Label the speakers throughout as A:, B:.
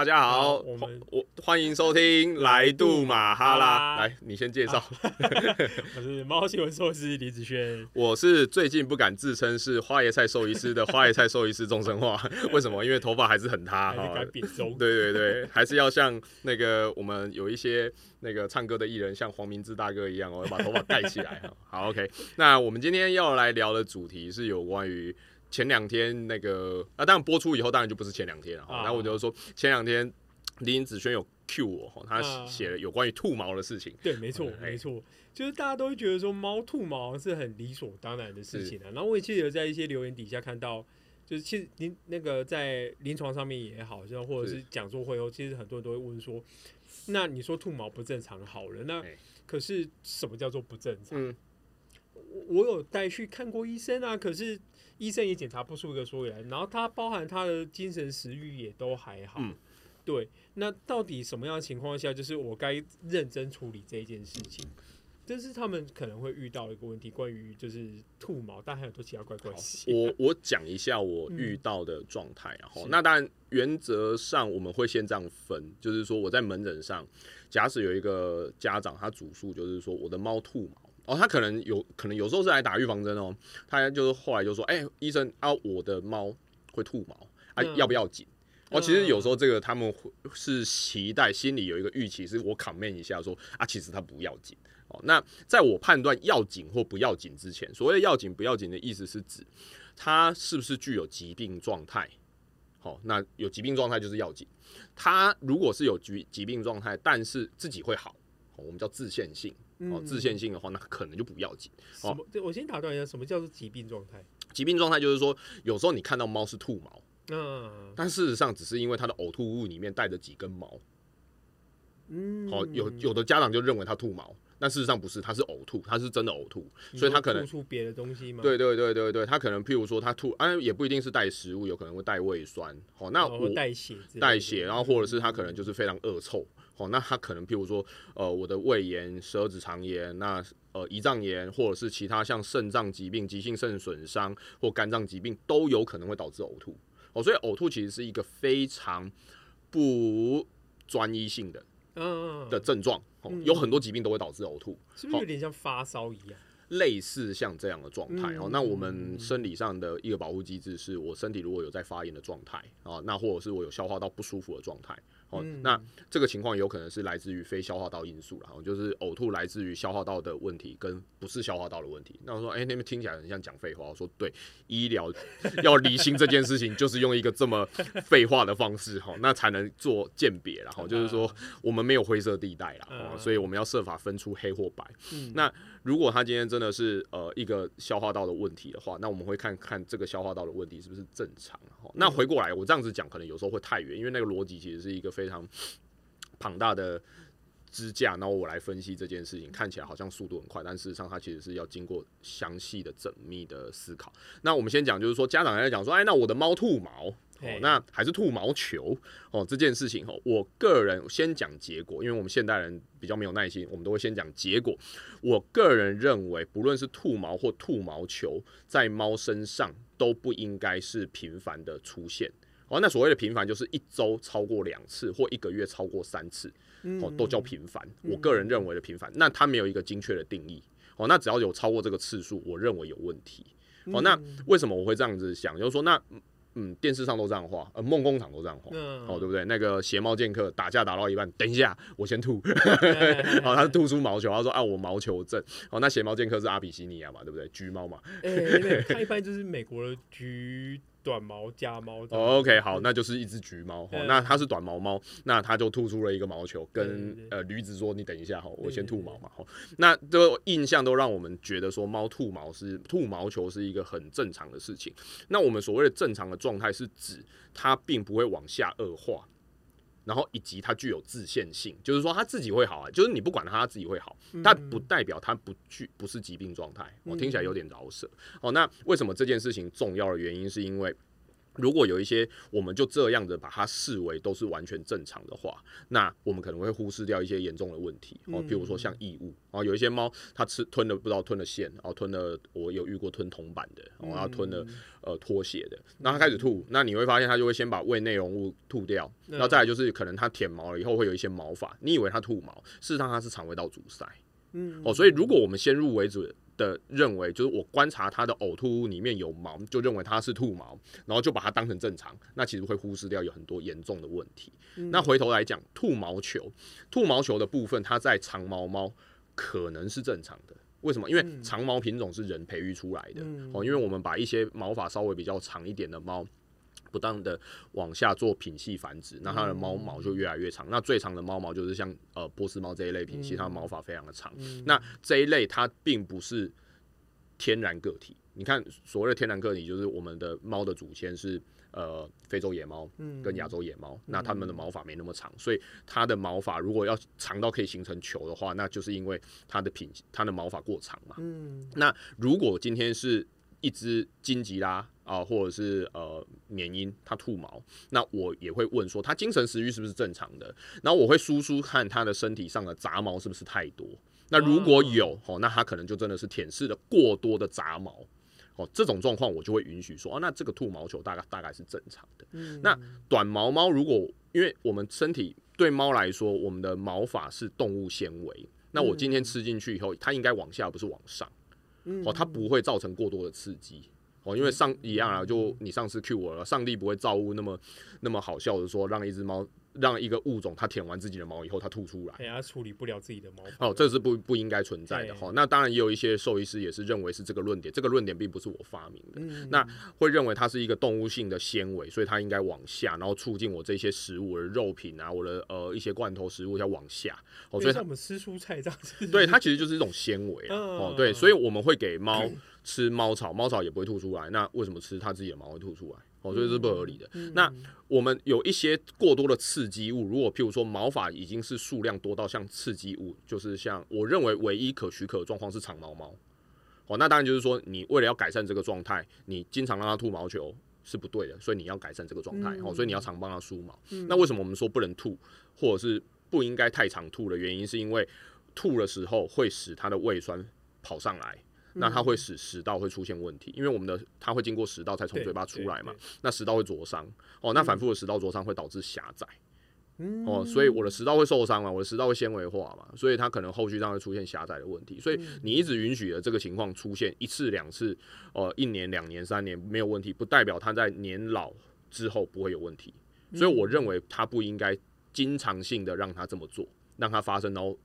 A: 大家好，好我我歡迎收聽來杜瑪哈啦，來，你先介紹，啊、 我
B: 是貓行為獸醫師林子軒，
A: 我是最近不敢自稱是花椰菜獸醫師的花椰菜獸醫師鍾昇樺， 為什麼？因為頭髮還是很塌哈，變中 對對對，還是要像那個我們有一些那個唱歌的藝人，像黃明志大哥一樣，我要把頭髮蓋起來哈。 好，OK，那我們今天要來聊的主題是有關於。前兩天那個啊，當然播出以後，當然就不是前兩天了、啊啊。然後我就說，前兩天林子軒有 cue 我，他、啊、寫了有關於吐毛的事情。對，沒錯，嗯、
B: 沒錯，就是大家都會覺得說，貓吐毛是很理所當然的事情啊。然後我也記得在一些留言底下看到，就是其實您那個在臨床上面也好，就或者是講座會後，其實很多人都會問說，那你說吐毛不正常好了，那可是什麼叫做不正常？嗯、我有帶去看過醫生啊，可是。醫生也檢查不出一個所以然，然後他包含他的精神食慾也都還好、嗯。對。那到底什麼樣的情況下，就是我該認真處理這件事情？就是他們可能會遇到一個問題，關於就是吐毛，但還有多其他怪怪事情。我
A: 我講一下我遇到的狀態、啊，然後、嗯、那當然原則上我們會先這樣分，就是說我在門診上，假使有一個家長他主訴就是說我的貓吐毛。哦，他可能有可能有時候是來打預防針哦。他就是後來就說：“哎、欸，醫生啊，我的貓會吐毛，啊，嗯、要不要緊、
B: 嗯？”哦，其實有時候
A: 這個他們是期待心裡有一個預期，是我 comment 一下說：“啊，其實它不要緊。”哦，那在我判斷要緊或不要緊之前，所謂的要緊不要緊的意思是指它是不是具有疾病狀態。好、哦，那有疾病狀態就是要緊。它如果是有疾疾病狀態，但是自己會好，哦、我們叫自限性。哦，自限性的話，那可能就不要緊。
B: 哦，我先打斷一下，什麼叫做疾病狀態？
A: 疾病狀態就是說，有時候你看到貓是吐毛，嗯、
B: 啊啊啊啊，
A: 但事實上只是因為它的嘔吐物裡面帶着幾根毛，
B: 嗯，好、哦，有
A: 有的家長就認為它吐毛。但事實上不是，他是嘔吐，他是真的嘔吐，所以他可能吐出
B: 別的東西嗎？它對
A: 對對對對，他可能譬如說他吐，哎、啊、也不一定是帶食物，有可能會帶胃酸，哦，那我帶血，帶、哦、血，然後或者是他可能就是非常惡臭，哦、嗯嗯，那他可能譬如說，呃，我的胃炎、十二指腸炎，那呃胰臟炎，或者是其他像腎臟疾病、急性腎損傷或肝臟疾病都有可能會導致嘔吐，哦，所以嘔吐其實是一個非常不專一性的，嗯、
C: 哦哦哦，的
A: 症狀。哦、有很多疾病都會導致嘔吐，好、嗯，
C: 是
B: 不是有點像發燒一樣、
A: 哦，類似像這樣的狀態、嗯。哦，那我們生理上的一個保護機制是，我身體如果有在發炎的狀態啊，那或者是我有消化道不舒服的狀態。哦，那這個情況有可能是來自於非消化道因素，然後就是嘔吐來自於消化道的問題跟不是消化道的問題。那我說，哎、欸，那邊聽起來很像講廢話。我說，對，醫療要釐清這件事情， 就是用一個這麼廢話的方式哈、哦，那才能做鑑別了。哈，就是說我們沒有灰色地帶了、哦嗯、所以我們要設法分出黑或白。嗯、那。如果他今天真的是呃一個消化道的問題的話，那我們會看看這個消化道的問題是不是正常。那回過來我這樣子講，可能有時候會太遠，因為那個邏輯其實是一個非常龐大的支架，然後我來分析這件事情，看起來好像速度很快，但事實上它其實是要經過詳細的、縝密的思考。那我們先講，就是說家長還在講說，哎、欸，那我的貓吐毛。哦，那還是吐毛球哦，這件事情我個人先講結果，因為我們現代人比較沒有耐心，我們都會先講結果。我個人認為，不論是吐毛或吐毛球，在貓身上都不應該是頻繁的出現。哦，那所謂的頻繁就是一周超過兩次或一個月超過三次，
C: 哦，都叫
A: 頻繁、嗯。我個人認為的頻繁、嗯，那它沒有一個精確的定義。哦，那只要有超過這個次數，我認為有問題。哦，那為什麼我會這樣子想？就是說那。嗯，電視上都這樣畫，呃，夢工廠都這樣畫、嗯，哦，對不對？那個鞋帽劍客打架打到一半，等一下，我先吐，好、 哦，他吐出毛球，他說啊，我毛球症。好、哦，那鞋帽劍客是阿比西尼亞嘛，對不對？橘貓嘛，呃、欸，
B: 他、欸欸、 拍一拍就是美國的橘 G...。短毛加貓 OK 好，那就是一隻橘貓，那它是短
A: 毛貓，那它就吐出了一個毛球，跟對對對呃驢子說：“你等一下吼，我先吐毛嘛吼。對對對”那這個印象都讓我們覺得說，貓吐毛是吐毛球是一個很正常的事情。那我們所謂的正常的狀態是指它並不會往下惡化。然後以及它具有自限性，就是說它自己會好啊，就是你不管它，它自己會好，但不代表它不去，不是疾病狀態。我、哦、聽起來有點饒舌。好、嗯哦，那為什麼這件事情重要的原因是因為？如果有一些我們就這樣子把它視為都是完全正常的話，那我們可能會忽視掉一些嚴重的問題哦，比如說像異物哦，有一些貓它吃吞了不知道吞了線哦，吞了我有遇過吞銅板的，哦，它吞的，呃的，然後吞了呃拖鞋的，那它開始吐，那你會發現它就會先把胃內容物吐掉，那再來就是可能它舔毛了以後會有一些毛髮，你以為它吐毛，事實上它是腸胃道阻塞，
C: 嗯哦，所
A: 以如果我們先入為主。的認為就是我觀察它的嘔吐裡面有毛，就認為它是吐毛，然後就把它當成正常，那其實會忽視掉有很多嚴重的問題。嗯、那回頭來講，吐毛球，吐毛球的部分，它在長毛貓可能是正常的，為什麼？因為長毛品種是人培育出來的，哦、嗯，因為我們把一些毛髮稍微比較長一點的貓。不當的往下做品系繁殖，那它的貓毛就越來越長。嗯、那最長的貓毛就是像呃波斯貓這一類品系，它的毛髮非常的長，嗯。那這一類它並不是天然個體。你看所謂的天然個體，就是我們的貓的祖先是呃非洲野貓跟亞洲野貓，嗯，那它們的毛髮沒那麼長，嗯，所以它的毛髮如果要長到可以形成球的話，那就是因為它的品它的毛髮過長嘛。嗯。那如果今天是一隻金吉拉。啊、呃，或者是呃，緬因它吐毛，那我也會問說它精神食欲是不是正常的？然後我會梳梳看它的身體上的雜毛是不是太多？那如果有哦，哦，那它可能就真的是舔舐了過多的雜毛哦，這種狀況我就會允許說啊、哦，那這個吐毛球大概大概是正常的。嗯、那短毛貓如果因為我們身體對貓來說，我們的毛髮是動物纖維，那我今天吃進去以後，嗯、它應該往下不是往上，哦，它不會造成過多的刺激。哦，因為上一樣啊，就你上次 Q 我了，上帝不會造物那麼那麼好笑的說，說讓一隻貓。讓一個物種它舔完自己的毛以後，它吐出來，
B: 它、欸、處理不了自己的毛。哦，這是
A: 不不應該存在的哈、哦。那當然也有一些獸醫師也是認為是這個論點，這個論點並不是我發明的。嗯、那會認為它是一個動物性的纖維，所以它應該往下，然後促進我這些食物的肉品啊，我的呃一些罐頭食物要往下。哦，所、就、像、是、我
B: 們吃蔬菜這樣子是是。對，它其實
A: 就是一種纖維、啊呃、哦。對，所以我們會給貓吃貓草，貓、嗯、草也不會吐出來。那為什麼吃它自己的毛會吐出來？哦，所以是不合理的，嗯。那我們有一些過多的刺激物，嗯、如果譬如說毛髮已經是數量多到像刺激物，就是像我認為唯一可許可的狀況是長毛貓。哦，那當然就是說你為了要改善這個狀態，你經常讓它吐毛球是不對的，所以你要改善這個狀態，嗯。哦，所以你要常幫它梳毛，嗯。那為什麼我們說不能吐，或者是不應該太常吐的原因，是因為吐的時候會使它的胃酸跑上來。那它會使食道會出現問題，因為我們的它會經過食道才從嘴巴出來嘛，對對對。那食道會灼傷哦，那反覆的食道灼傷會導致狹窄，哦，所以我的食道會受傷嘛，我的食道會纖維化嘛，所以它可能後續上會出現狹窄的問題，所以你一直允許的這個情況出現一次兩次、呃，一年兩年三年沒有問題，不代表它在年老之後不會有問題，所以我認為它不應該經常性的讓它這麼做，讓它發生，然後。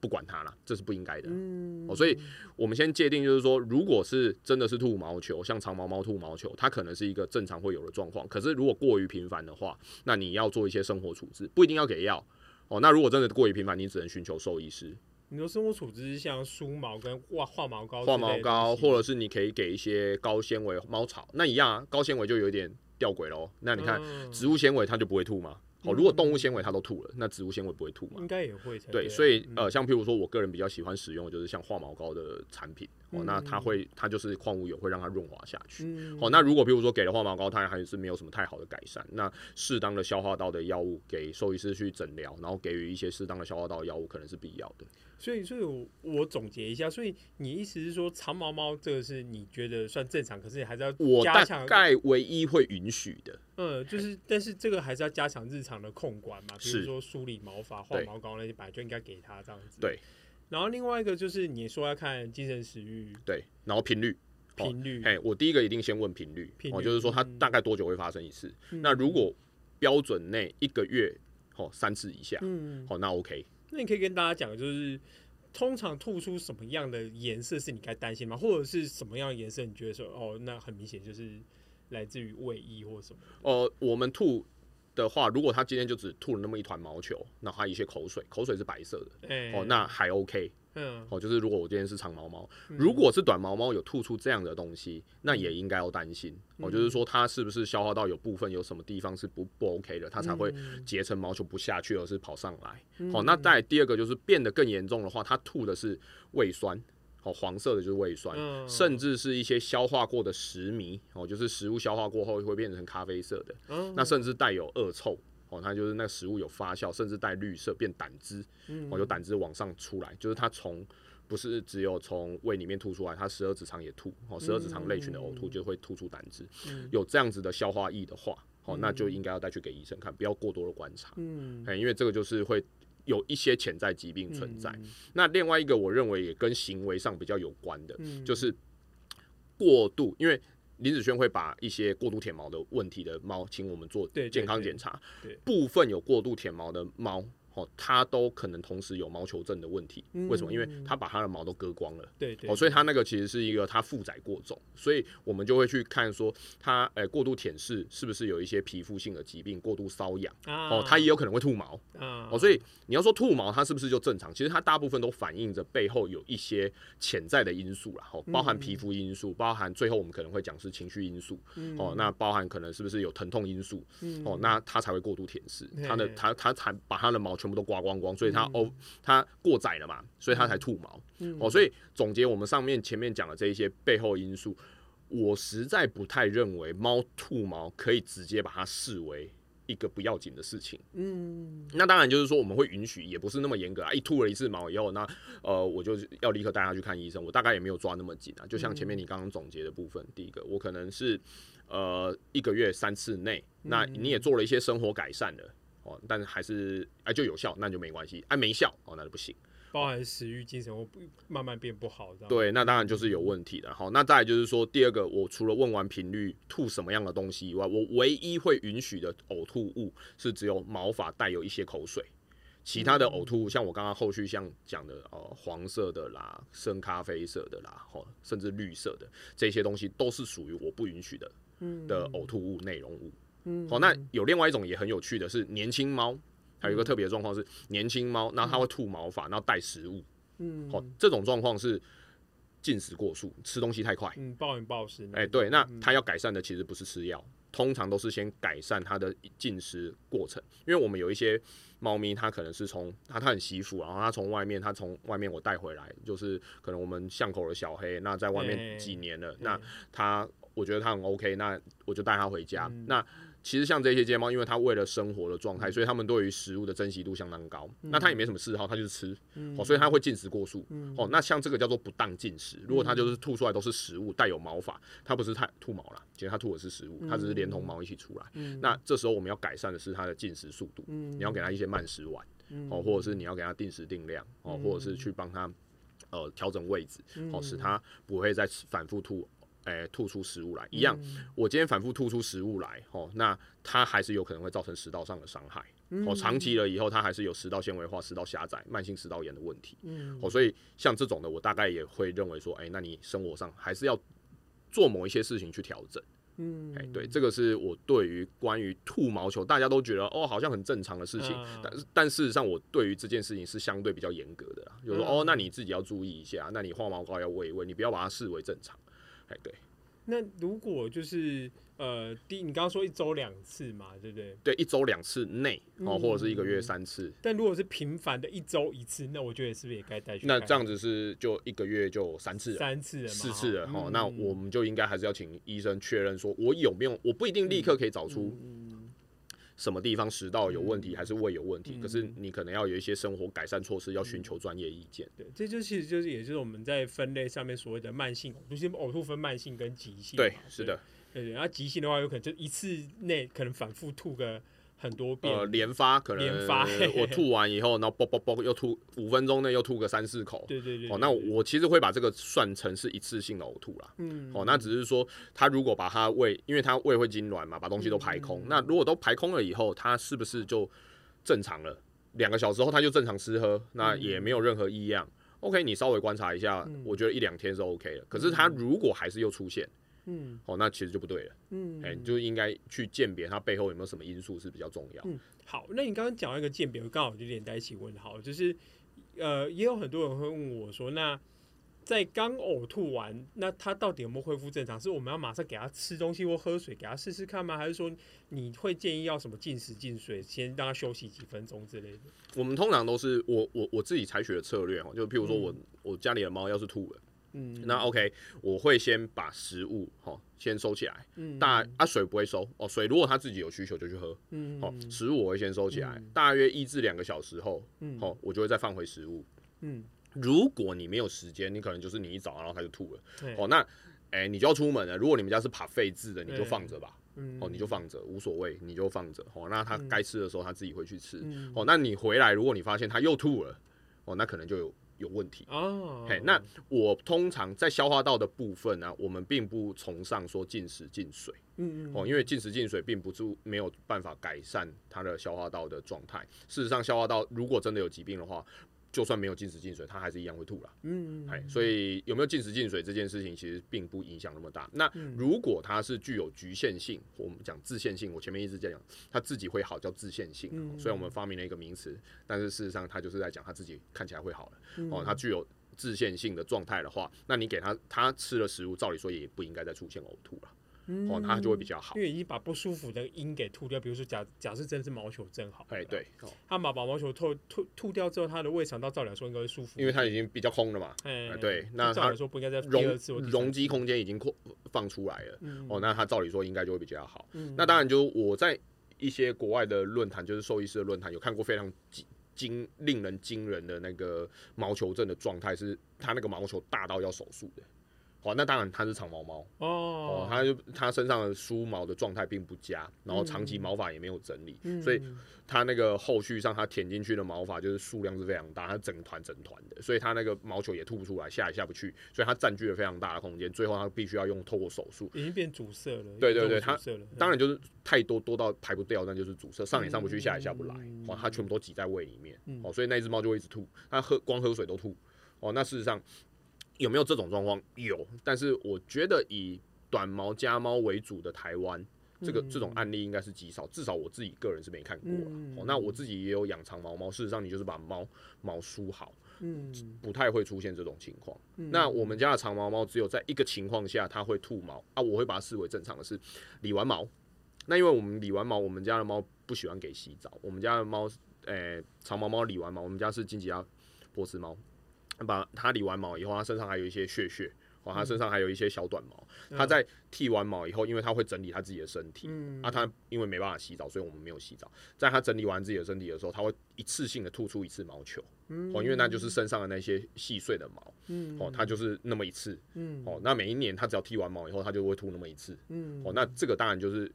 A: 不管它啦，這是不應該的、嗯。哦，所以我們先界定，就是說，如果是真的是吐毛球，像長毛貓吐毛球，它可能是一個正常會有的狀況。可是如果過於頻繁的話，那你要做一些生活處置，不一定要給藥。哦，那如果真的過於頻繁，你只能尋求獸醫師。
B: 你的生活處置是像梳毛跟化化毛膏、化毛膏，或者
A: 是你可以給一些高纖維貓草，那一樣、啊，高纖維就有點吊詭咯。那你看，嗯、植物纖維它就不會吐嗎？哦，如果動物纖維它都吐了，嗯、那植物纖維不會吐嗎？
B: 應該也會才對，對。所以，
A: 呃，像譬如說，我個人比較喜歡使用就是像化毛膏的產品。哦，那它會，它就是礦物油會讓它潤滑下去，嗯。哦，那如果比如說給了化毛膏，它還是沒有什麼太好的改善。那適當的消化道的藥物給獸醫師去診療，然後給予一些適當的消化道藥物可能是必要的。
B: 所以，所以我，我總結一下，所以你意思是說，長毛貓這個是你覺得算正常，可是你還是要加強。我大概
A: 唯一會允許的。
B: 呃、嗯，就是但是這個還是要加強日常的控管嘛，比如說梳理毛髮、化毛膏那些，本來就應該給它這樣子。對。然後另外一個就是你說要看精神食慾
A: 對，然後頻率頻率，哎、哦，我第一個一定先問頻率，頻率，哦，就是說它大概多久會發生一次？嗯、那如果標準內一個月哦三次以下，嗯，好、哦，那 OK，
B: 那你可以跟大家講，就是通常吐出什麼樣的顏色是你該擔心嗎？或者是什麼樣的顏色你覺得說哦，那很明顯就是來自於胃液或什麼？哦、
A: 呃，我們吐。的話，如果他今天就只吐了那麼一團毛球，那他一些口水，口水是白色的，欸，哦，那還 OK，哦，就是如果我今天是長毛貓，嗯，如果是短毛貓有吐出這樣的東西，那也應該要擔心，哦，嗯，就是說它是不是消化道有部分有什麼地方是不不 OK 的，它才會結成毛球不下去，而是跑上來。好，嗯哦，那再第二個就是變得更嚴重的話，它吐的是胃酸。哦，黃色的就是胃酸，甚至是一些消化過的食糜哦，就是食物消化過後會變成咖啡色的，那甚至帶有惡臭哦，它就是那個食物有發酵，甚至帶綠色變膽汁，哦，就膽汁往上出來，就是它從不是只有從胃裡面吐出來，它十二指腸也吐，哦，十二指腸類群的嘔吐就會吐出膽汁，有這樣子的消化液的話，哦，那就應該要帶去給醫生看，不要過多的觀察，嗯，因為這個就是會。有一些潛在疾病存在。嗯、那另外一個，我認為也跟行為上比較有關的，嗯、就是過度。因為林子軒會把一些過度舔毛的問題的貓，請我們做健康檢查，對對對。部分有過度舔毛的貓。哦，它都可能同時有毛球症的問題，為什麼？因為它把它的毛都割光了，嗯、對，對，哦，所以它那個其實是一個它負載過重，所以我們就會去看說它，哎、欸，過度舔舐是不是有一些皮膚性的疾病，過度瘙癢、啊、哦，它也有可能會吐毛、啊、哦，所以你要說吐毛它是不是就正常？其實它大部分都反映着背後有一些潛在的因素啦，哦，包含皮膚因素，包含最後我們可能會講是情緒因素、嗯，哦，那包含可能是不是有疼痛因素，嗯、哦，那它才會過度舔舐，它的它它才把它的毛。全部都刮光光，所以它、嗯、哦，它過載了嘛，所以它才吐毛、嗯。哦，所以總結我們上面前面講的這一些背後因素，我實在不太認為貓吐毛可以直接把它視為一個不要緊的事情。嗯，那當然就是說我們會允許，也不是那麼嚴格啊。一吐了一次毛以後，那呃，我就是要立刻帶它去看醫生。我大概也沒有抓那麼緊啊。就像前面你剛剛總結的部分、嗯，第一個，我可能是呃一個月三次內，那你也做了一些生活改善的。嗯嗯但是還是哎、欸、就有效，那就沒關係。哎、啊、沒效哦，那就不行。
B: 包含食欲、精神會不慢慢變不好，對，那當然
A: 就是有問題的。好、嗯，那再來就是說第二個，我除了問完頻率吐什麼樣的東西以外，我唯一會允許的嘔吐物是只有毛髮帶有一些口水，其他的嘔吐物、嗯、像我剛剛後續像講的哦、呃、黃色的啦、深咖啡色的啦，吼、甚至綠色的這些東西都是屬於我不允許的，
C: 嗯的嘔
A: 吐物內容物。嗯。好、哦，那有另外一種也很有趣的是年輕貓、嗯，還有一個特別的狀況是年輕貓，那、嗯、它會吐毛髮，然後帶食物，
B: 嗯，好、
A: 哦，這種狀況是進食過速，吃東西太快，
B: 嗯，暴飲暴食，誒、欸，對，那
A: 它要改善的其實不是吃藥、嗯，通常都是先改善它的進食過程，因為我們有一些貓咪，它可能是從它它很媳婦，然後它從外面它從外面我帶回來，就是可能我們巷口的小黑，那在外面幾年了，欸、那它、欸、我覺得它很 OK，那我就帶它回家，嗯、那。其實像這些街貓，因為它為了生活的狀態，所以它們對於食物的珍惜度相當高。嗯、那它也沒什麼嗜好，它就是吃、嗯、哦，所以它會進食過速、嗯、哦。那像這個叫做不當進食，如果它就是吐出來都是食物、嗯、帶有毛髮，它不是太吐毛了，其實它吐的是食物，它只是連同毛一起出來。嗯、那這時候我們要改善的是它的進食速度，嗯、你要給它一些慢食碗、嗯、哦，或者是你要給它定時定量哦、嗯，或者是去幫它呃調整位置，好、哦嗯、使它不會再反覆吐。誒、欸，吐出食物來一樣，我今天反覆吐出食物來，哦，那它還是有可能會造成食道上的傷害。哦，長期了以後，它還是有食道纖維化、食道狹窄、慢性食道炎的問題。嗯，哦，所以像這種的，我大概也會認為說，誒、欸，那你生活上還是要做某一些事情去調整。
C: 嗯、欸，對，
A: 這個是我對於關於吐毛球，大家都覺得哦，好像很正常的事情，嗯、但但事實上，我對於這件事情是相對比較嚴格的啦、嗯，就說哦，那你自己要注意一下，那你化毛膏要餵一餵，你不要把它視為正常。哎，對，
B: 那如果就是呃，第你剛剛說一周兩次嘛，對不對？
A: 對，一周兩次內哦、嗯，或者是一個月三次。嗯、
B: 但如果是頻繁的，一周一次，那我覺得是不是也該帶去看看？那這樣子
A: 是就一個月就三次，三次，四次了、嗯。哦，那我們就應該還是要請醫生確認，說我有沒有？我不一定立刻可以找出、嗯。嗯什麼地方食道有問題，還是胃有問題、嗯？可是你可能要有一些生活改善措施，要尋求專業意見、嗯。對，
B: 這就其實就是，也就是我們在分類上面所謂的慢性嘔吐，就是嘔吐分慢性跟急性對。對，是的，對對，對，然後、啊、急性的話，有可能就一次內可能反覆吐個。很多遍呃連發可能，連發嘿嘿我吐
A: 完以後，然後啵啵啵，啵又吐，五分鐘內又吐個三四口，對對對，對。哦，那我，我其實會把這個算成是一次性的嘔吐啦。嗯。哦，那只是說他如果把他胃，因為他胃會痙攣嘛，把東西都排空。嗯、那如果都排空了以後，他是不是就正常了？兩個小時後他就正常吃喝，那也沒有任何異樣。嗯、OK，你稍微觀察一下，嗯、我覺得一兩天是 OK 的。可是他如果還是又出現。嗯，哦、喔，那其實就不對
C: 了。
B: 嗯，哎、欸，
A: 就應該去鑑別它背後有沒有什麼因素是比較重要。嗯，
B: 好，那你剛剛講那一個鑑別，剛好就連在一起問，好了，就是，呃，也有很多人會問我說，那在剛嘔吐完，那它到底有沒有恢復正常？是我們要馬上給它吃東西或喝水，給它試試看嗎？還是說你會建議要什麼禁食、禁水，先讓它休息幾分鐘之類的？
A: 我們通常都是我我我自己採取的策略哦、喔，就譬如說我、嗯、我家裡的貓要是吐了。嗯、那 OK，我會先把食物哈、哦、先收起來，嗯、大啊水不會收哦，水如果他自己有需求就去喝，嗯，好食物我會先收起來，嗯、大約一至兩個小時後，嗯，好、哦、我就會再放回食物，嗯，如果你沒有時間，你可能就是你一早上然後他就吐了，嗯、哦那誒、欸，你就要出門了，如果你們家是怕廢置的，你就放着吧，
C: 嗯、哦你就
A: 放着無所謂，你就放着，哦那他該吃的時候他自己會去吃，嗯、哦那你回來如果你發現他又吐了，哦那可能就有。有問題
C: 哦，oh. hey,
A: 那我通常在消化道的部分呢，啊，我們並不崇尚說禁食禁水，嗯嗯，哦，因為禁食禁水並不是沒有辦法改善它的消化道的狀態。事實上，消化道如果真的有疾病的話，就算沒有進食進水，它還是一樣會吐
C: 了。嗯，嗯，嗯，哎，所
A: 以有沒有進食進水這件事情，其實並不影響那麼大。那如果它是具有局限性，我們講自限性，我前面一直在講，它自己會好，叫自限性，哦。雖然我們發明了一個名詞，但是事實上它就是在講它自己看起來會好了。哦，它具有自限性的狀態的話，那你給它它吃了食物，照理說也不應該再出現嘔吐了。
B: 哦，他就會比較好，嗯、因為你把不舒服的音給吐掉，比如說假假設真是毛球症好，哎、欸、
A: 對，他
B: 把把毛球吐吐吐掉之後，他的胃腸道到照理來說應該會舒服，因為它
A: 已經比較空了嘛，
B: 哎、欸、對，嗯、那他照理說不應該再容容
A: 積空間已經放出來了，嗯、哦，那他照理說應該就會比較好、嗯，那當然就我在一些國外的論壇，就是獸醫師的論壇，有看過非常驚令人驚人的那個毛球症的狀態，是他那個毛球大到要手術的。哦，那當然它是長毛貓
B: ，oh. 哦，它
A: 就它身上的梳毛的狀態並不佳，然後長期毛髮也沒有整理，嗯、所以它那個後續上它舔進去的毛髮就是數量是非常大，它整團整團的，所以它那個毛球也吐不出來，下也下不去，所以它佔據了非常大的空間，最後它必須要用透過手術已
B: 經變阻塞了，對對對，它當然
A: 就是太多多到排不掉，那就是阻塞，上也上不去，下也下不來，嗯、哇，它全部都擠在胃裡面，嗯，哦，所以那隻貓就會一直吐，它喝光喝水都吐，哦，那事實上。有沒有這種狀況？有，但是我覺得以短毛家貓為主的台灣，這個、嗯、這種案例應該是極少，至少我自己個人是沒看過、啊嗯喔，那我自己也有養長毛貓，事實上你就是把貓毛梳好，嗯，不太會出現這種情況、嗯。那我們家的長毛貓只有在一個情況下它會吐毛啊，我會把它視為正常的是理完毛。那因為我們理完毛，我們家的貓不喜歡給洗澡，我們家的貓，誒、欸，長毛貓理完毛，我們家是金吉拉波斯貓。把他把它理完毛以後，它身上還有一些屑屑，哦、嗯，它身上還有一些小短毛。嗯、他在剃完毛以後，因為他會整理他自己的身體，嗯、啊，他因為沒辦法洗澡，所以我們沒有洗澡。在他整理完自己的身體的時候，他會一次性的吐出一次毛球，哦、嗯，因為那就是身上的那些細碎的毛，嗯、哦，他就是那麼一次、嗯，哦，那每一年他只要剃完毛以後，他就會吐那麼一次、嗯，哦，那這個當然就是。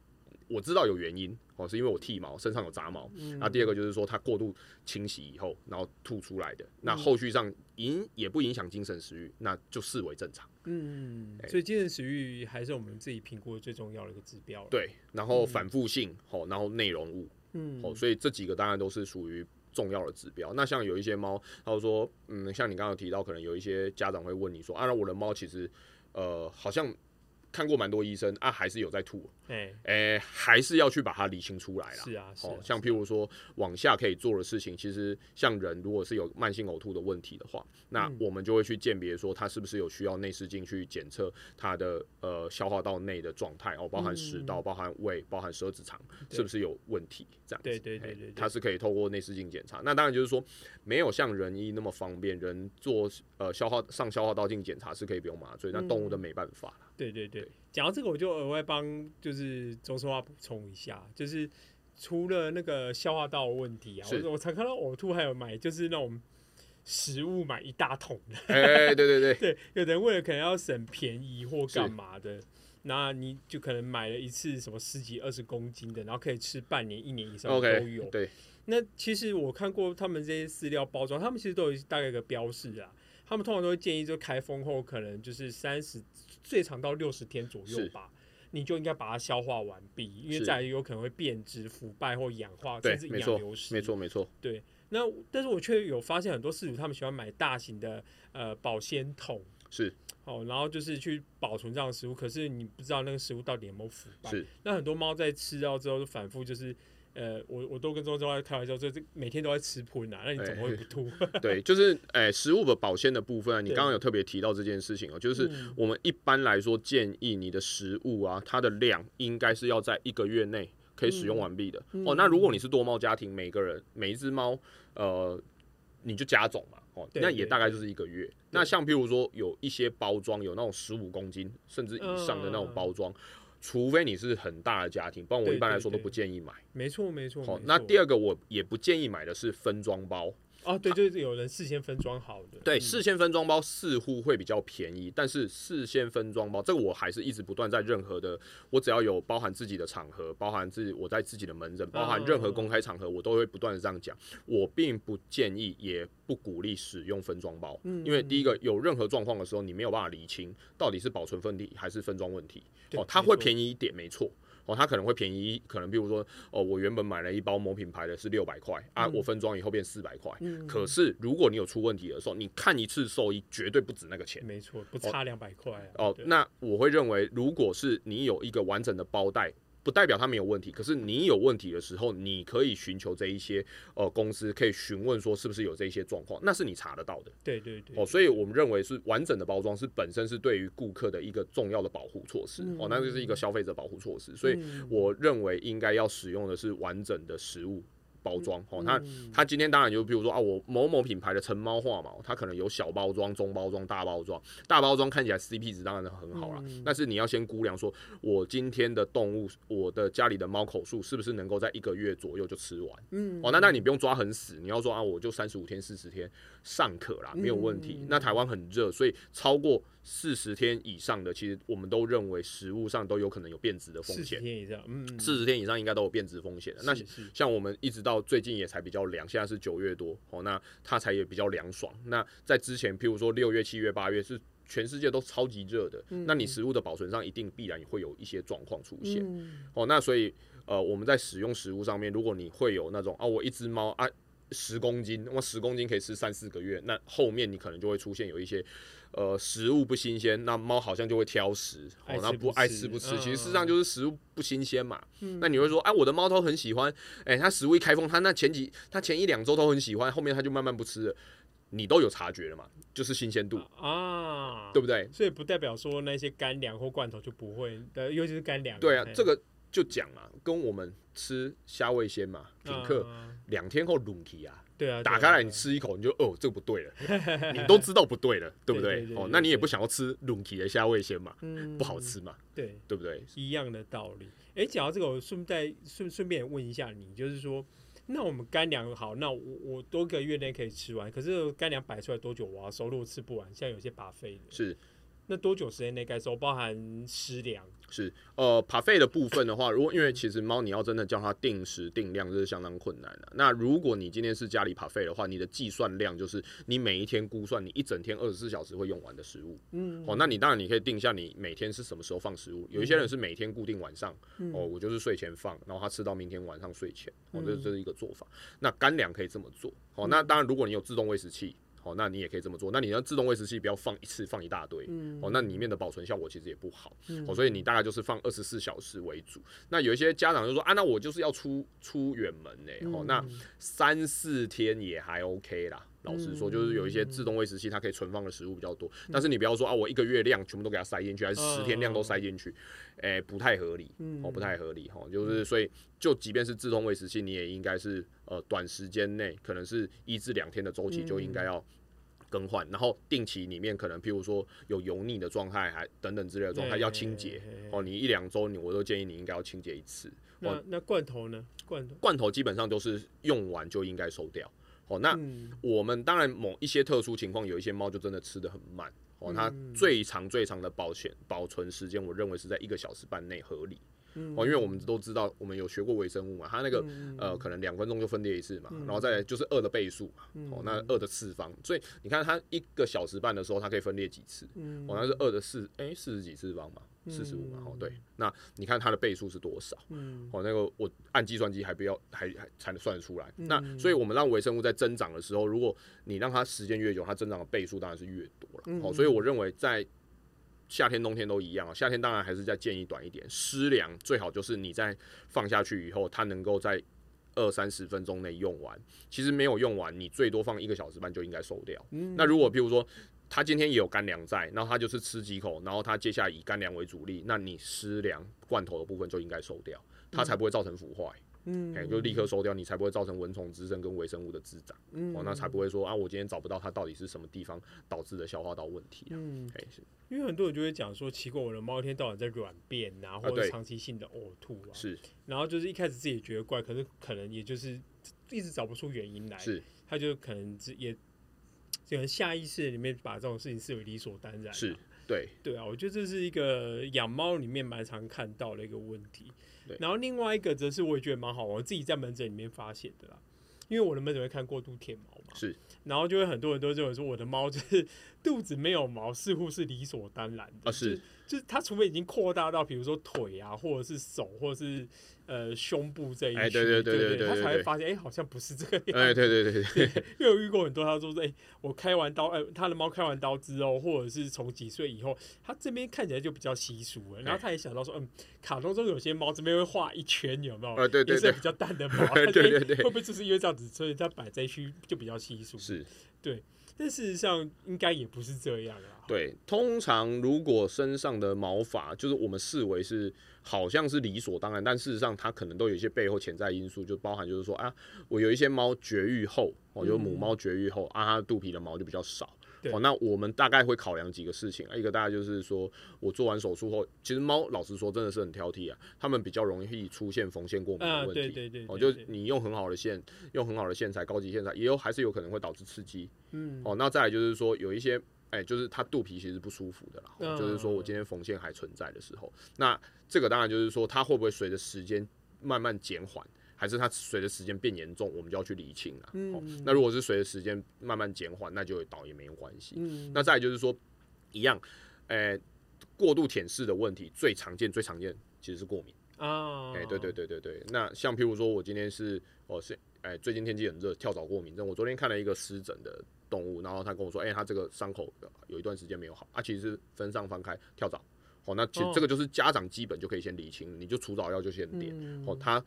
A: 我知道有原因，哦，是因為我剃毛，身上有雜毛。那、嗯啊、第二個就是說，它過度清洗以後，然後吐出來的。嗯、那後續上影也不影響精神食欲，那就視為正常。
B: 嗯，欸、所以精神食欲還是我們自己評估的最重要的一個指標。對，
A: 然後反覆性，哦、嗯，然後內容物，嗯，哦，所以這幾個當然都是屬於重要的指標。嗯、那像有一些貓，他說，嗯，像你剛剛提到，可能有一些家長會問你說，啊，我的貓其實，呃，好像。看過蠻多醫生啊，還是有在吐，哎、欸欸，還是要去把它理清出來啦。是啊，是啊、哦。像譬如說、啊啊、往下可以做的事情，其實像人如果是有慢性嘔吐的問題的話，嗯、那我們就會去鑑別說他是不是有需要內視鏡去檢測他的呃消化道內的狀態，哦，包含食道、嗯、包含胃、包含十二指腸、嗯、是不是有問題？這樣子。對對它對對、欸、是可以透過內視鏡檢查。那當然就是說沒有像人醫那麼方便，人做呃消化上消化道鏡檢查是可以不用麻醉，那、嗯、動物的沒辦法。
B: 對對對，講到這個，我就額外幫就是鍾昇樺補充一下，就是除了那個消化道的問題啊，我我常看到嘔吐，還有買就是那種食物買一大桶的，哎哎哎 對對對，對，有人為了可能要省便宜或幹嘛的，那你就可能買了一次什麼十幾二十公斤的，然後可以吃半年一年以上都有，okay, 對。那其實我看過他們這些飼料包裝，他們其實都有大概一個標示啊，他們通常都會建議就開封後可能就是三十。最長到六十天左右吧，你就應該把它消化完畢，因為再有可能會變質、腐敗或氧化，甚至營養流失。
C: 沒
A: 錯，沒錯。
B: 對，那但是我卻有發現很多飼主他們喜歡買大型的呃保鮮桶，是哦，然後就是去保存這樣的食物，可是你不知道那個食物到底有沒有腐敗。那很多貓在吃到之後就反覆就是。呃，我我都跟周周在開玩笑，這這每天都在吃噴，啊，那你怎麼會不吐？欸、
A: 對，就是誒、欸，食物的保鮮的部分啊，你剛剛有特別提到這件事情哦、喔，就是我們一般來說建議你的食物啊，嗯、它的量應該是要在一個月內可以使用完畢的、嗯、哦。那如果你是多貓家庭，每個人每一只貓，呃，你就加總嘛哦對對對對，那也大概就是一個月。那像譬如說有一些包裝，有那種十五公斤甚至以上的那種包裝。呃除非你是很大的家庭，不然我一般來說都不建議買。
B: 對對對，沒錯，沒錯。好，oh，那
A: 第二個我也不建議買的是分裝包。
B: 哦，對，就是有人事先分裝好的。
A: 對、嗯，事先分裝包似乎會比較便宜，但是事先分裝包這個我還是一直不斷在任何的，我只要有包含自己的場合，包含自己，我在自己的門診，包含任何公開場合，哦、我都會不斷的這樣講。我並不建議，也不鼓勵使用分裝包，嗯、因為第一個有任何狀況的時候，你沒有辦法釐清到底是保存問題還是分裝問題。嗯、哦，它會便宜一點，沒錯。哦，它可能會便宜，可能比如說，哦，我原本買了一包某品牌的是六百塊啊、嗯，我分裝以後變四百塊。可是如果你有出問題的時候，你看一次獸醫絕對不止那個錢，沒錯，不差兩百塊。哦，哦，那我會認為，如果是你有一個完整的包袋。不代表他沒有問題，可是你有問題的時候，你可以尋求這一些呃公司，可以詢問說是不是有這一些狀況，那是你查得到的。
B: 對對、對，
A: 對、哦。所以我們認為是完整的包裝是本身是對於顧客的一個重要的保護措施，嗯，哦，那就是一個消費者保護措施，所以我認為應該要使用的是完整的食物。嗯嗯包裝哦，它它今天當然就比如說啊，我某某品牌的成貓化毛，它可能有小包裝、中包裝、大包裝。大包裝看起來 CP 值當然很好了，嗯，但是你要先估量說，我今天的動物，我的家裡的貓口數是不是能夠在一個月左右就吃完？嗯，嗯，嗯，哦，那那你不用抓很死，你要說啊，我就三十五天、四十天尚可啦，沒有問題。嗯嗯嗯嗯，那台灣很熱，所以超過。四十天以上的，其實我們都認為食物上都有可能有變質的風險。四十天以上，嗯，四十天以上應該都有變質風險的。是是，那像我們一直到最近也才比較涼，現在是九月多，哦，那它才也比較涼爽。那在之前，譬如說六月、七月、八月是全世界都超級熱的，嗯，那你食物的保存上一定必然也會有一些狀況出現，嗯。哦，那所以呃，我們在使用食物上面，如果你會有那種啊，我一隻貓啊。十公斤，那麼十公斤可以吃三四個月。那後面你可能就會出現有一些，呃，食物不新鮮，那貓好像就會挑食，好像不愛吃不吃，不吃，不吃、啊。其實事實上就是食物不新鮮嘛、嗯。那你會說，哎、啊，我的貓都很喜歡，誒、欸，它食物一開封，它那前幾，它前一兩周都很喜歡，後面它就慢慢不吃了。你都有察覺了嘛？就是新鮮度
B: 啊，對不對？所以不代表說那些乾糧或罐頭就不會的，尤其是乾糧。對啊，這個。
A: 就講嘛，跟我們吃蝦味先嘛，品客兩、uh -huh. 天後滷起啊，對啊，打開來你吃一口你就、啊啊啊、哦，這不對了， 你都知道不對了， 對不對，對、對、對、對、對？哦，那你也不想要吃滷起的蝦味先嘛、嗯，不好吃嘛，對，對不對？
B: 一樣的道理。哎，講到這個我順，順帶順順便也問一下你，就是說，那我們乾糧好，那我我多個月內可以吃完，可是乾糧擺出來多久，我要收肉吃不完，像有些 buffet 是。那多久時間內該收，包含濕糧
A: 是呃，趴 廢的部分的話，如果因為其實貓你要真的叫它定時定量，這是相當困難的。那如果你今天是家裡趴廢的話，你的計算量就是你每一天估算你一整天二十四小時會用完的食物。嗯。哦，那你當然你可以定下你每天是什麼時候放食物。有一些人是每天固定晚上哦，我就是睡前放，然後他吃到明天晚上睡前。哦，這、嗯、這是一個做法。那乾糧可以這麼做。好、哦，那當然如果你有自動餵食器。哦，那你也可以這麼做。那你要自動餵食器，不要放一次放一大堆，嗯。哦，那裡面的保存效果其實也不好。嗯、哦，所以你大概就是放二十四小時為主。那有一些家長就說啊，那我就是要出出遠門耶。哦、嗯、那三四天也還 OK 啦。老實說，就是有一些自動餵食器，它可以存放的食物比較多，嗯、但是你不要說啊，我一個月量全部都給它塞進去、哦，還是十天量都塞進去，誒、哦欸嗯哦，不太合理，哦，不太合理哈。就是、嗯、所以，就即便是自動餵食器，你也應該是呃短時間內，可能是一至兩天的周期就應該要更換、嗯，然後定期裡面可能，譬如說有油膩的狀態，還等等之類的狀態、欸、要清潔、欸，哦，你一兩周你我都建議你應該要清潔一次。那、哦、
B: 那罐頭呢？罐頭
A: 罐頭基本上都是用完就應該收掉。哦，那我們當然某一些特殊情況，有一些貓就真的吃得很慢。哦，它最長最長的保險保存時間，我認為是在一個小時半內合理。哦，因為我們都知道，我們有學過微生物嘛，它那個、嗯、呃，可能兩分鐘就分裂一次嘛，嗯、然後再來就是二的倍數嘛、嗯，哦，那二的次方，所以你看它一個小時半的時候，它可以分裂幾次？嗯、哦，那是二的四哎四十幾次方嘛。四十五嘛，哦、嗯，對，那你看它的倍數是多少？嗯，哦，那個我按計算機還不要，還還才能算得出來、嗯。那所以我們讓微生物在增長的時候，如果你讓它時間越久，它增長的倍數當然是越多
C: 了。哦，所以我認
A: 為在夏天、冬天都一樣。夏天當然還是在建議短一點，濕糧最好就是你在放下去以後，它能夠在二三十分鐘內用完。其實沒有用完，你最多放一個小時半就應該收掉。嗯，那如果譬如說。它今天也有乾糧在，然後它就是吃幾口，然後它接下來以乾糧為主力，那你濕糧罐頭的部分就應該收掉，它才不會造成腐壞。嗯、欸，就立刻收掉，你才不會造成蚊蟲滋生跟微生物的滋長。嗯、哦、喔，那才不會說啊，我今天找不到它到底是什麼地方導致的消化道問
C: 題啊。嗯、欸、
B: 因為很多人就會講說，奇怪，我的貓一天到晚在軟便啊，或者長期性的嘔吐啊，是，然後就是一開始自己覺得怪，可是可能也就是一直找不出原因來，是，它就可能是也。有下意識裡面把這種事情視為理所當然，啊是，是對對啊，我覺得這是一個養貓裡面蠻常看到的一個問題。然後另外一個則是，我也覺得蠻好，我自己在門診裡面發現的啦，因為我的門診會看過度舔毛嘛，是，然後就會很多人都認為說，我的貓就是肚子沒有毛，似乎是理所當然的，啊、是。就是它，除非已經擴大到，比如說腿啊，或者是手，或者是呃胸部這一區，欸、對不對？它才會發現，哎、欸，好像不是這個樣。哎、欸，對對對對。因為我遇過很多，他說說、欸，我開完刀，哎、欸，他的貓開完刀之後，或者是從幾歲以後，它這邊看起來就比較稀疏，然後他也想到說，嗯，卡通中,中有些貓這邊會畫一圈，有沒有？顏色比較淡的貓，欸、對對對、欸，會不會就是因為這樣子，所以它擺在一區就比較稀疏？對。但事實上應該也不是這樣啊。
A: 對，通常如果身上的毛髮就是我們視為是好像是理所當然，但事實上它可能都有一些背後潛在因素，就包含就是說啊，我有一些貓絕育後，我、喔，就是母貓絕育後啊，它肚皮的毛就比較少。哦，那我們大概會考量幾個事情啊，一個大概就是說，我做完手術後，其實貓老實說真的是很挑剔啊，他們比較容易出現縫線過敏的問題。啊，對對對。哦，就是你用很好的線，用很好的線材，高級線材，也有還是有可能會導致刺激。嗯。哦，那再來就是說，有一些哎、欸，就是它肚皮其實不舒服的啦，就是說我今天縫線還存在的時候、嗯，那這個當然就是說，它會不會隨着時間慢慢減緩？還是它隨着時間變嚴重，我們就要去理清了、啊嗯。那如果是隨着時間慢慢減緩，那就也倒也沒關係、嗯。那再來就是說，一樣，誒、欸，過度舔舐的問題最常見，最常見其實是過敏。
C: 啊、哦，對、欸、對對對對。
A: 那像譬如說我今天是哦、喔、是誒、欸，最近天氣很熱，跳蚤過敏症。我昨天看了一個濕疹的動物，然後他跟我說，哎、欸，他這個傷口有一段時間沒有好，啊，其實是分上翻開跳蚤。好，那這這個就是家長基本就可以先理清、哦，你就除蚤藥就先點。好、嗯，他。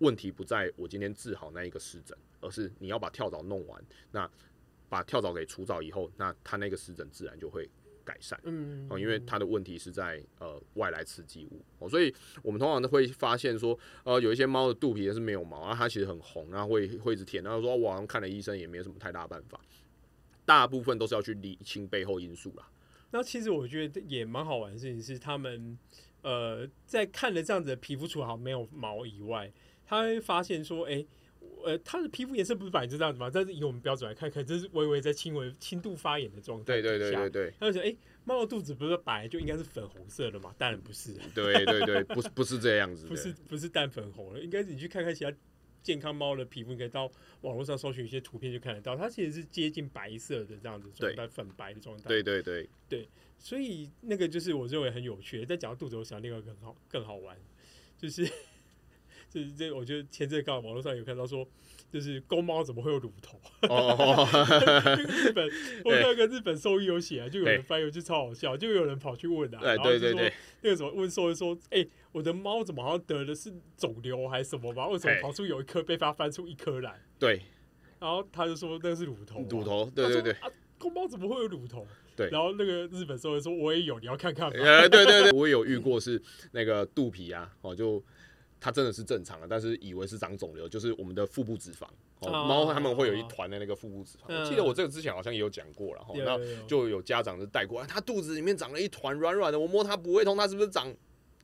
A: 問題不在我今天治好那一個濕疹，而是你要把跳蚤弄完。那把跳蚤給除蚤以後，那它那個濕疹自然就會改善。嗯,嗯,嗯，因為它的問題是在呃外來刺激物。哦、喔，所以我們通常都會發現說，呃，有一些貓的肚皮也是沒有毛啊，它其實很紅，然、啊、後會會一直舔。然後說，啊、我好像看了醫生，也沒有什麼太大辦法。大部分都是要去理清背後因素啦。
B: 那其實我覺得也蠻好玩的事情是，他們呃在看了這樣子的皮膚除好沒有毛以外。他會發現說：“哎、欸，呃，它的皮膚顏色不是本來就這樣子嗎？但是以我們標準來看，看，這是微微在輕微、輕度發炎的狀態。對對對對對。而、欸、且，哎，貓的肚子不是白，就應該是粉紅色的嘛，嗯？當然不是。對對對， 不是不是這樣子。不是不是淡粉紅了，應該是你去看看其他健康貓的皮膚，應該到網絡上搜尋一些圖片就看得到。它其實是接近白色的這樣子，狀粉白的狀態。對對對對，對，所以那個就是我認為很有趣。在講到肚子，我想另一個更好更好玩，就是。”就是這，我就得前陣剛好網絡上有看到說，就是公貓怎麼會有乳頭、oh？哦、oh oh oh， 日本，我那個日本獸醫有寫，就有人翻，就超好笑，就有人跑去問啊，然後就說那個時候問獸醫說，說，欸、我的貓怎麼好像得的是腫瘤還是什麼嗎為什麼跑出有一顆被他翻出一顆來？對，然後他就說那是乳頭，乳頭，對對對，公貓怎麼會有乳頭？對，然後那個日本獸醫說，說，我也有，你要看看嗎？對對對，對，
A: 我有遇過是那個肚皮啊，哦就。它真的是正常的，但是以為是長腫瘤，就是我們的腹部脂肪哦。貓、哦、它們會有一團的那個腹部脂肪，哦、我記得我這個之前好像也有講過了，哈、嗯，那就有家長就帶過來，對對對對，哎、它肚子裡面長了一團軟軟的，我摸它不會痛，它是不是長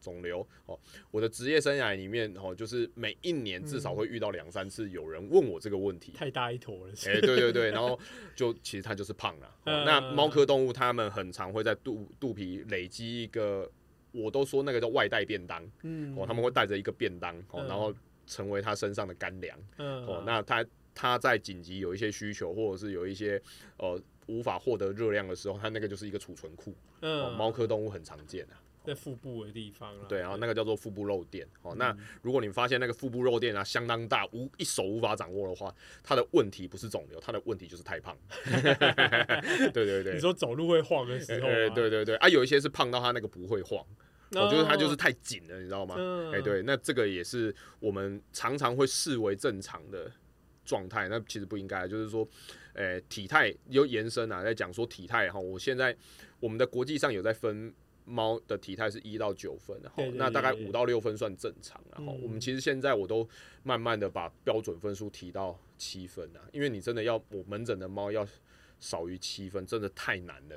A: 腫瘤？哦，我的職業生涯裡面，然、哦、後就是每一年至少會遇到兩三次有人問我這個問題，太大一坨了。哎、欸，對對對，然後就 其實它就是胖了、哦、嗯。那貓科動物它們很常會在肚肚皮累積一個。我都說那個叫外帶便當，嗯，哦，他們會帶着一個便當，哦，嗯，然後成為他身上的乾糧，嗯，哦，那他他在緊急有一些需求或者是有一些呃無法獲得熱量的時候，他那個就是一個儲存庫，嗯，哦，貓科動物很常見的。
B: 在腹部的地方了，對，然後、
A: 哦、那個叫做腹部肉墊哦、嗯。那如果你發現那個腹部肉墊啊，相當大，無一手無法掌握的話，它的問題不是腫瘤，它的問題就是太胖。 對對對。你說走路會晃的時候、欸欸、對對對啊，有一些是胖到它那個不會晃，我覺得它就是太緊了，你知道嗎？誒、哦欸，對，那這個也是我們常常會視為正常的狀態，那其實不應該。就是說，誒、欸，體態有延伸啊，在講說體態哈。我現在我們的國際上有在分。貓的體態是一到九分，然後那大概五到六分算正常，然後我們其實現在我都慢慢的把標準分數提到七分啊，因為你真的要我門診的貓要少於七分，真的太難了。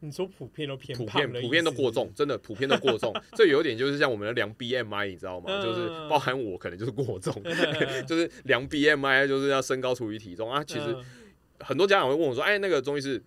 A: 你
B: 說普遍都偏的普遍普遍都過重，真的普遍都過重，
A: 這有點就是像我們的量 BMI，你知道嗎？ 就是包含我可能就是過重， 就是量 BMI 就是要身高除以體重啊。其實 很多家長會問我說：“哎，那個鍾醫師，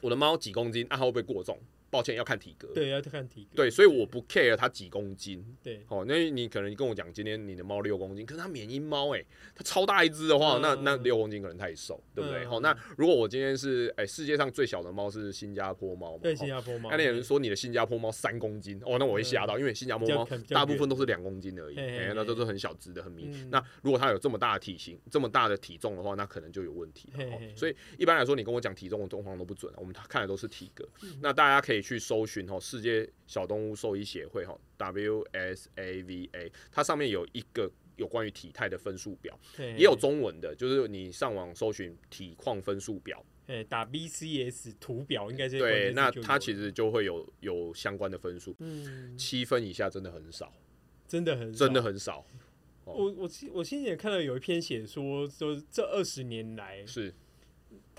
A: 我的貓幾公斤啊？它會不會過重？”抱歉，要看體格。對，要看體格。對，所以我不 care 它幾公斤。對，那你可能跟我講，今天你的貓六公斤，可是它緬因貓，誒，它超大一只的話，呃、那那六公斤可能太瘦，對不對？好、呃呃，那如果我今天是，哎、欸，世界上最小的貓是新加坡貓，對，新加坡貓、喔，那有人說你的新加坡貓三公斤，哦、喔，那我會嚇到、呃，因為新加坡貓大部分都是兩公斤而已，哎、欸欸欸欸，那都是很小只的，很迷你、嗯。那如果它有這麼大的體型，這麼大的體重的話，那可能就有問題了。欸欸欸、所以一般來說，你跟我講體重，我通常都不準，我們看的都是體格、嗯。那大家可以。去搜尋哦、喔，世界小動物獸醫協會哈、喔、（WSAVA），它上面有一個有關於體態的分數表，嘿嘿，也有中文的，就是你上網搜尋體況分數表，
B: 哎，打 BCS 圖表應該是對，那它
A: 其實就會有有相關的分數，嗯，七分以下真的很少，真的很真的很少。我
B: 我我現在看到有一篇寫說，說這二十年來是。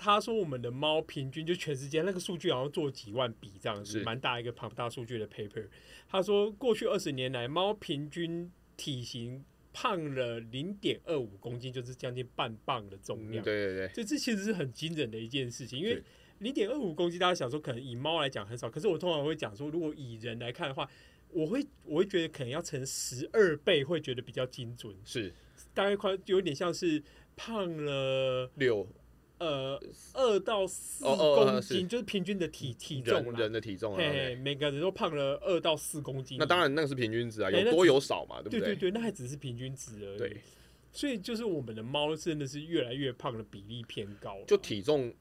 B: 他說：“我們的貓平均就全世界那個數據，好像做幾萬筆這樣子，蠻大一個龐大數據的 paper。他說，過去二十年來，貓平均體型胖了零點二五公斤，就是將近半磅的重量。嗯、對對對，就這，這其實是很驚人的一件事情。因為零點二五公斤，大家想說可能以貓來講很少，可是我通常會講說，如果以人來看的話，我會我會覺得可能要乘十二倍會覺得比較精準。是，大概快就有點像是胖了六。”呃，二到四公斤，oh, uh, uh, 就是平均的體體重
A: 人的體重，啊，對、
B: hey, okay.，每個人都胖了二到四公斤。那當
A: 然，那個是平均值啊，欸，有多有少嘛，對不對？對，對，對
B: 那還只是平均值而已。對，所以就是我們的貓真的是越來越胖的比例偏高，啊。就
A: 體重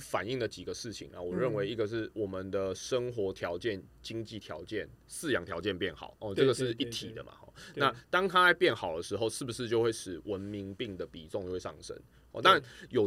A: 反映了幾個事情啊，我認為一個是我們的生活條件、經濟條件、飼養條件變好哦，對對對對對，這個是一體的嘛、哦、對對對對，那當它在變好的時候，是不是就會使文明病的比重就會上升？哦，當然有。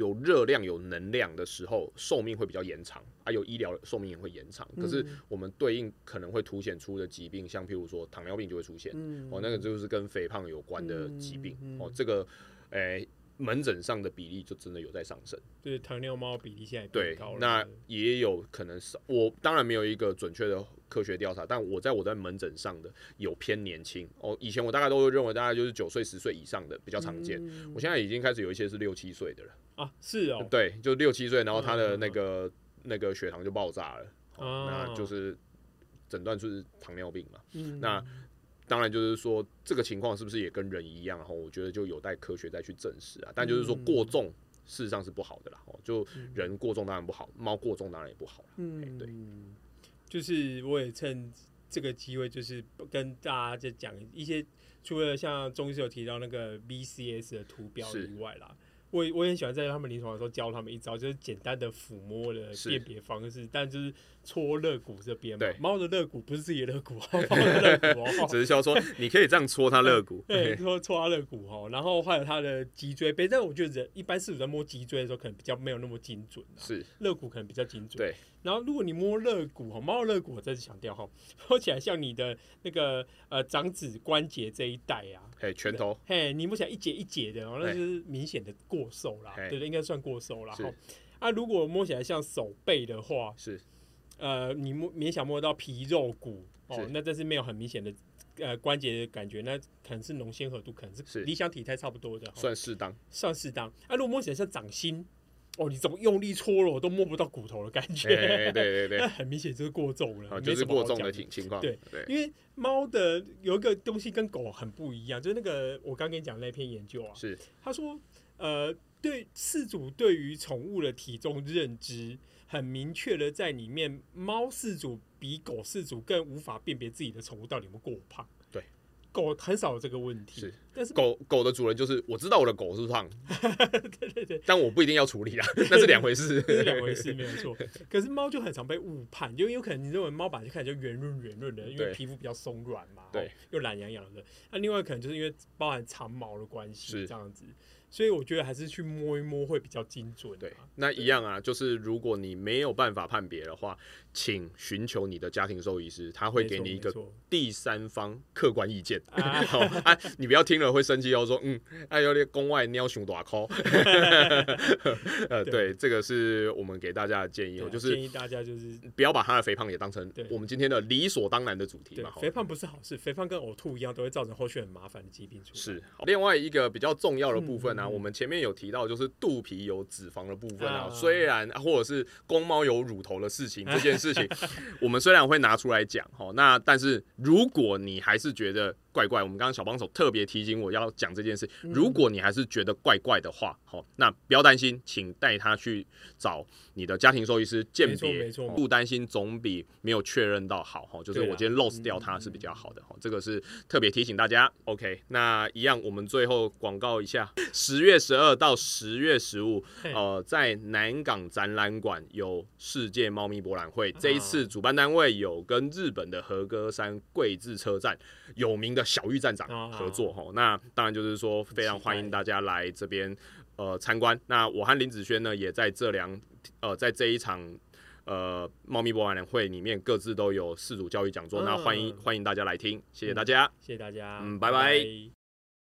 A: 有熱量、有能量的時候，壽命會比較延長，還、啊、有醫療壽命也會延長。可是我們對應可能會凸顯出的疾病，像譬如說糖尿病就會出現，嗯、哦，那個就是跟肥胖有關的疾病，嗯嗯嗯、哦，這個，誒、欸。門診上的比例就真的有在上升，
B: 就是糖尿病貓比例現在也變高了
A: 是不是？對，那也有可能是，我當然沒有一個準確的科學調查，但我在我在門診上的有偏年輕哦。以前我大概都會認為大概就是九歲、十歲以上的比較常見，嗯，我現在已經開始有一些是六七歲的了
B: 啊，是哦，
A: 對，就六七歲，然後他的那個嗯嗯嗯嗯那個血糖就爆炸了，哦哦、那就是診斷是糖尿病嘛，嗯、那。當然，就是說這個情況是不是也跟人一樣？哈，我覺得就有待科學再去證實啊。但就是說過重、嗯，事實上是不好的啦。哦，就人過重當然不好，貓、嗯、過重當然也不好
C: 啦。
B: 嗯，對。就是我也趁這個機會，就是跟大家就講一些，除了像鍾醫師有提到那個 BCS 的圖標以外啦，我我也喜歡在他們臨床的時候教他們一招，就是簡單的撫摸的辨別方式，但就是。搓肋骨這邊嘛，貓的肋骨不是自己的肋骨哦，貓的肋骨哦， 只是說，說，
A: 你可以這樣搓它肋骨。 對，就
B: 是、說搓它肋骨哈，然後還有它的脊椎。別在，我覺得人一般是在摸脊椎的時候，可能比較沒有那麼精準。是，肋骨可能比較精準。對。然後，如果你摸肋骨哈，貓的肋骨，我再次強調哈，摸起來像你的那個呃掌指關節這一帶呀、啊，
A: 嘿，拳頭，
B: 嘿，你摸起來一節一節的，那就是明顯的過瘦啦，對不對？應該算過瘦啦、哦。是。啊，如果摸起來像手背的話，是。呃，你勉摸勉強摸到皮肉骨哦，那這是沒有很明顯的呃關節的感覺，那可能是穠纖合度，可能是理想體態差不多的，是算適當，算適當。哎、啊，如果摸起來像掌心，哦，你怎麼用力搓揉都摸不到骨頭的感覺，對對對，對。那很明顯就是過重了、哦，就是過重的情重的情況。對，因為貓的有一個東西跟狗很不一樣，就是那個我剛跟你講那篇研究啊，是他說，呃，對飼主對於寵物的體重認知。很明確的，在裡面貓飼主比狗飼主更無法辨別自己的寵物到底有沒有過胖。
A: 對，
B: 狗很少有這個問題。是，但是狗
A: 狗的主人就是我知道我的狗是，是胖。
B: 對
C: 對對。但我不一定要處理啊， 那是兩回事。 是兩回事， 沒有錯。
B: 可是貓就很常被誤判，就因為有可能你認為貓本來就看起來就圓潤圓潤的，因為皮膚比較鬆軟嘛。對。哦，又懶洋洋的。那、啊、另外可能就是因為包含長毛的關係，是這樣子。所以我覺得還是去摸一摸會比較精準。對，
A: 那一樣啊，就是如果你沒有辦法判別的話。請尋求你的家庭獸醫師，他會給你一個第三方客觀意見。好，哎、 啊 啊，你不要聽了會生氣，要說嗯，哎呦，有點宮外尿雄短 call。
B: 呃
A: 對，對，這個是我們給大家的建議哦、啊，就是建議大
B: 家就是
A: 不要把他的肥胖也當成我們今天的理所當然的主題嘛。好，
B: 肥胖不是好事，肥胖跟嘔吐一樣，都會造成後續很麻煩的疾病出
A: 現。是，好，另外一個比較重要的部分呢、啊嗯，我們前面有提到就是肚皮有脂肪的部分啊，啊雖然或者是公貓有乳頭的事情、啊、這件事、啊。事情，我們雖然會拿出來講吼，那但是如果你還是覺得。怪怪，我們剛剛小幫手特別提醒我要講這件事。如果你還是覺得怪怪的話，好、嗯哦，那不要擔心，請帶他去找你的家庭獸醫師鑑別沒。沒錯，不擔心總比沒有確認到好。哈、哦，就是我今天 lost 掉它是比較好的。哈、啊嗯，這個是特別提醒大家。嗯、OK，那一樣，我們最後廣告一下：十月十二到十月十五，呃，在南港展覽館有世界貓咪博覽會。啊、這一次主辦單位有跟日本的和歌山貴志車站，有名的小玉站長合作哈、哦哦，那當然就是說非常歡迎大家來這邊呃參觀。那我和林子軒呢也在這兩呃在這一場呃貓咪博覽會裡面各自都有四組教育講座，哦，那歡迎歡迎大家來聽，謝謝大家，嗯、
B: 謝謝大家，嗯，拜拜。拜拜。